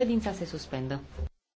Ședința se suspendă.